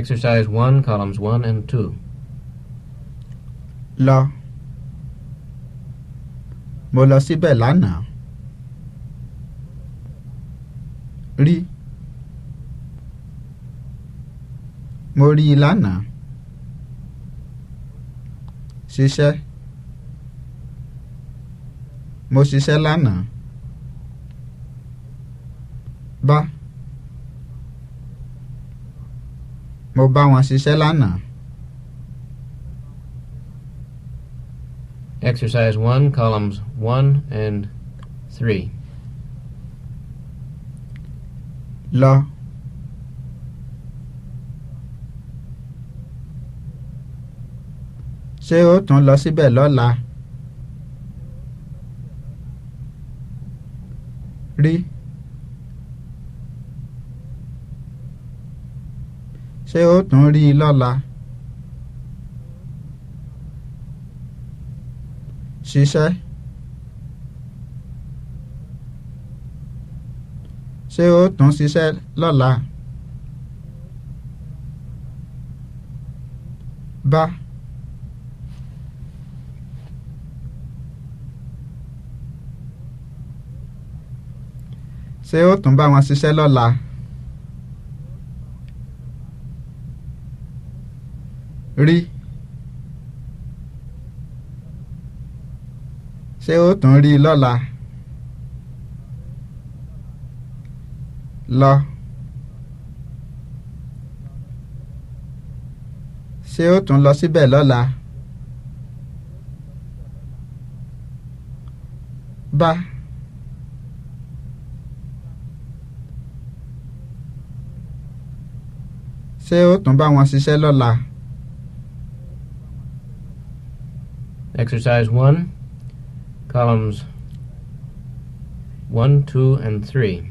Exercise 1, columns 1 and 2. La. Mo lọ síbẹ̀ lánàá. Rí. Mo rí Ṣiṣẹ́. Mo ṣiṣẹ́ lánàá. Bá. Mo bá wọn ṣiṣẹ́ lánàá. Exercise one, columns one and three. Lọ. Ṣé ó tún lọ síbẹ̀ lọ́la? Rí. ṣé ó tún rí i lọ́la. ṣiṣẹ́ ṣé ó tún ṣiṣẹ́ lọ́la. bá ṣé ó tún bá wọn ṣiṣẹ́ lọ́la. rí ṣé ó tún rí lọ́la lọ ṣé ó tún lọ síbẹ̀ lọ́la bá ṣé ó tún bá wọn ṣiṣẹ́ lọ́la. Exercise 1, columns 1, 2, and 3.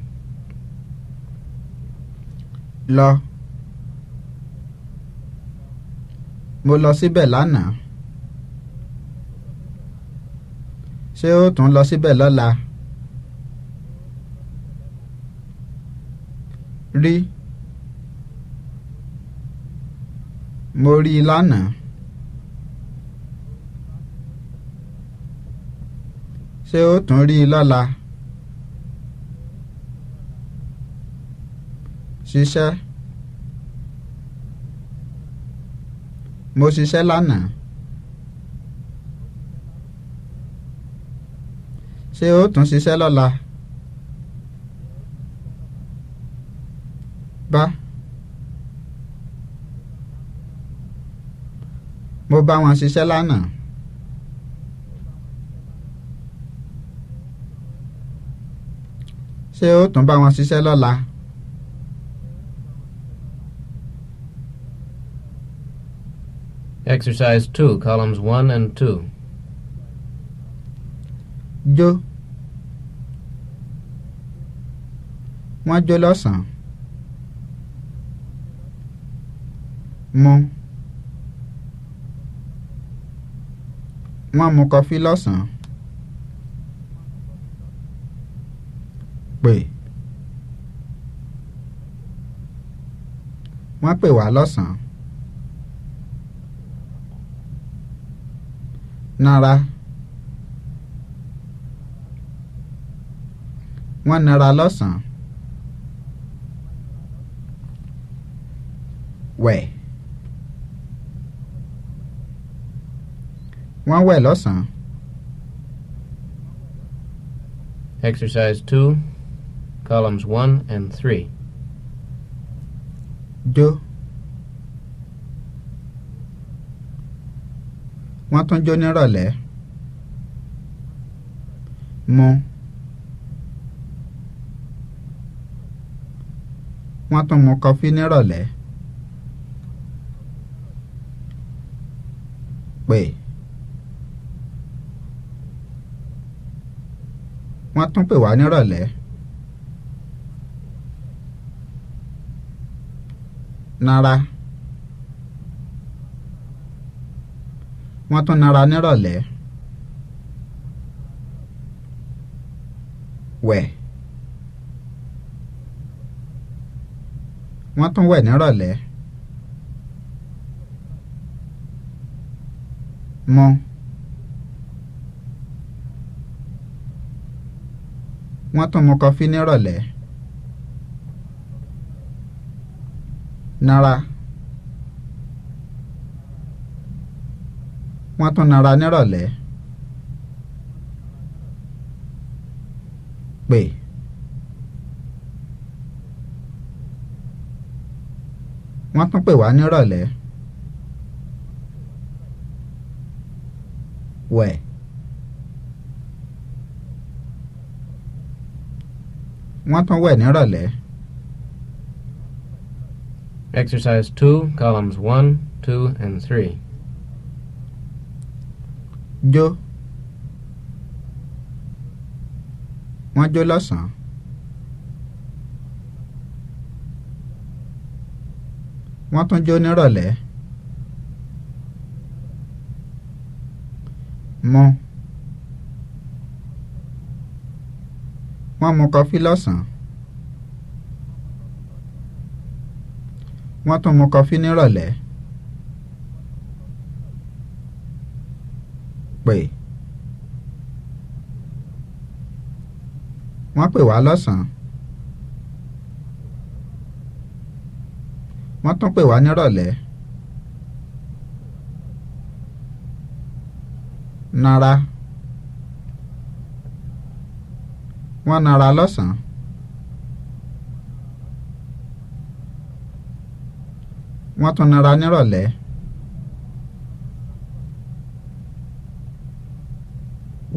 Lọ. Mo lọ síbẹ̀ lánàá. Ṣé ó tún lọ síbẹ̀ lọ́la? Rí. Mo rí i ṣé ó tún rí i lọ́la ṣiṣẹ́ mo ṣiṣẹ́ lánàá ṣé ó tún ṣiṣẹ́ lọ́la bá mo bá wọn ṣiṣẹ́ lánàá. ṣé ó tún bá wọn ṣiṣẹ́ lọ́la. Exercise two, columns one and two. Jó. Wọ́n jó lọ́sàn-án. Mu. Wọ́n mu kọfí lọ́sàn-án. wọ́n pè wá lọ́sàn-án. nara wọ́n nara lọ́sàn-án. wẹ̀ wọ́n wẹ̀ lọ́sàn-án. Exercise 2, columns 1 and 3. jó wọ́n tún jó nírọ̀lẹ́ mu wọ́n tún mu kọfí nírọ̀lẹ́ pè wọ́n tún pè wá nírọ̀lẹ́. nára wọ́n tún nára nírọ̀lẹ́ wẹ̀ wọ́n tún wẹ̀ nírọ̀lẹ́ mọ́. wọ́n tún mu kọfí nírọ̀lẹ́ Nara wọ́n tún nara nírọ̀lẹ́ pè wọ́n tún pè wá nírọ̀lẹ́ wẹ̀ wọ́n tún wẹ̀ nírọ̀lẹ́. Exercise 2, columns 1, 2, and 3. Jó. Wọ́n jó lọ́sàn-án. Wọ́n tún jó nírọ̀lẹ́. Mu. Wọ́n mu kọfí lọ́sàn-án. wọ́n tún mu kọfí nírọ̀lẹ́ pè wọ́n pè wá lọ́sàn-án wọ́n tún pè wá nírọ̀lẹ́ nara wọ́n nara lọ́sàn-án. wọ́n tún nara nírọ̀lẹ́.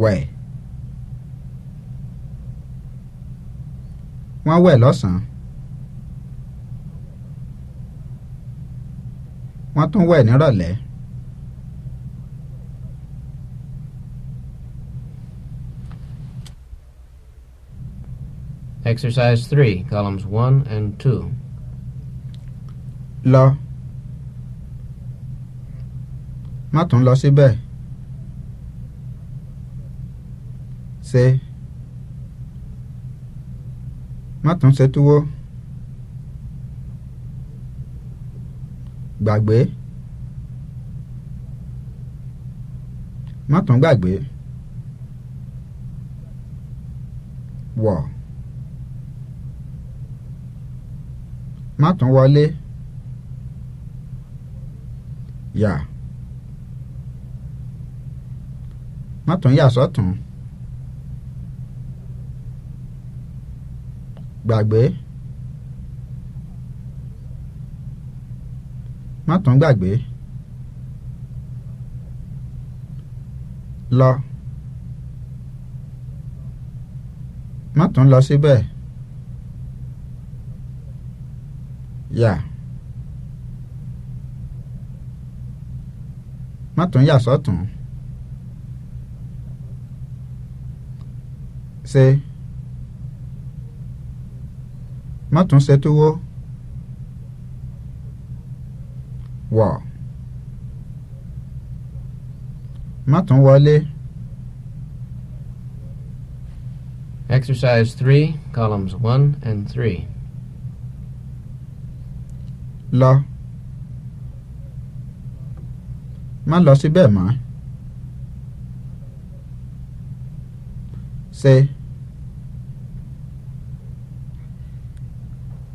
wẹ̀ wọ́n wẹ̀ lọ́sàn-án wọ́n tún wẹ̀ nírọ̀lẹ́. Exercise 3, columns 1 and 2. Law. má tún lọ síbẹ̀ ṣe má tún ṣe túwó gbàgbé má tún gbàgbé wọ̀ má tún wọlé yà. Yeah. má tún yà sọ́tún gbàgbé má tún gbàgbé lọ má tún lọ síbẹ̀ yà má tún yà sọ́tún. So sẹ má tún sẹ tó wọ́ wọ̀ má tún wọlé. Exercise three, columns one and 3. Lọ. Má lọ síbẹ̀ mọ́. Say.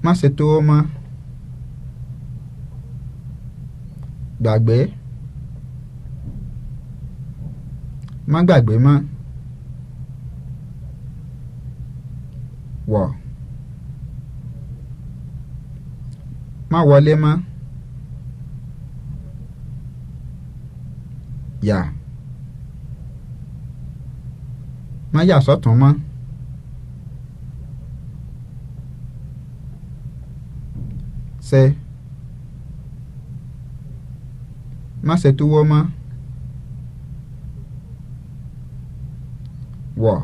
má ṣe tó mọ́ gbàgbé má gbàgbé mọ́ wọ̀ má wọlé mọ́ yà má yà sọ́tún mọ́. So ṣe má ṣe túwọ́ mọ́ wọ̀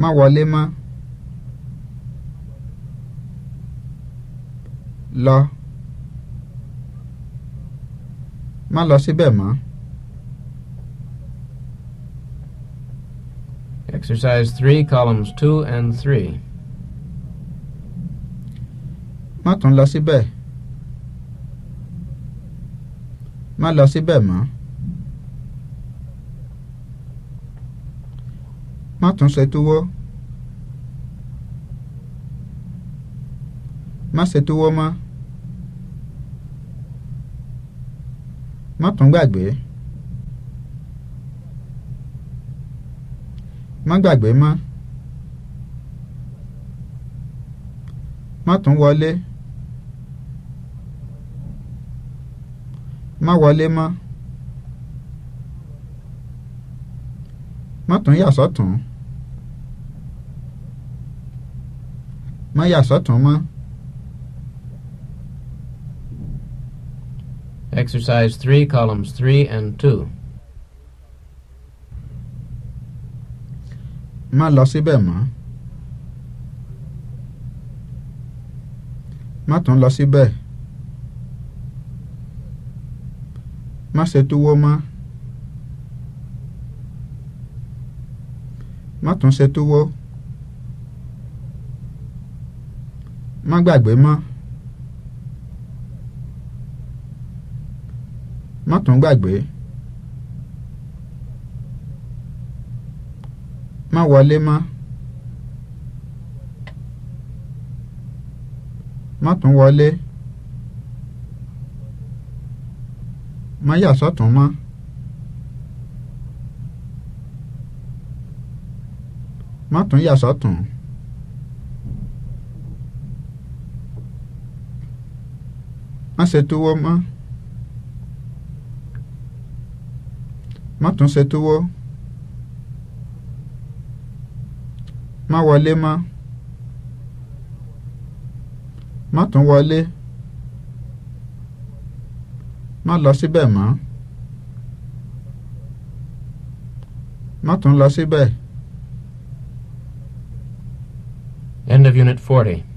má wọlé mọ́ lọ má lọ síbẹ̀ mọ́. Exercise 3, columns 2 and 3. má tún lọ síbẹ̀ má lọ síbẹ̀ mọ́ má tún ṣe túwó má ṣe túwó mọ́ má tún gbàgbé má gbàgbé mọ́ má tún wọlé. má wọlé mọ́ má tún yà má yà mọ́. Exercise three columns three and two. Má lọ síbẹ̀ mọ́. Má tún lọ síbẹ̀. má ṣe tówó mọ́ má tún ṣe tówó má gbàgbé mọ́ má tún gbàgbé má wọlé mọ́ má tún Ma má yà sọ́tún mọ́. má tún yà sọ́tún. má ṣe tówọ́ mọ́. má tún ṣe tówọ́. má wọlé mọ́. má tún wọlé. má lọ síbẹ̀ mọ́ má tún lọ síbẹ̀. End of Unit 40.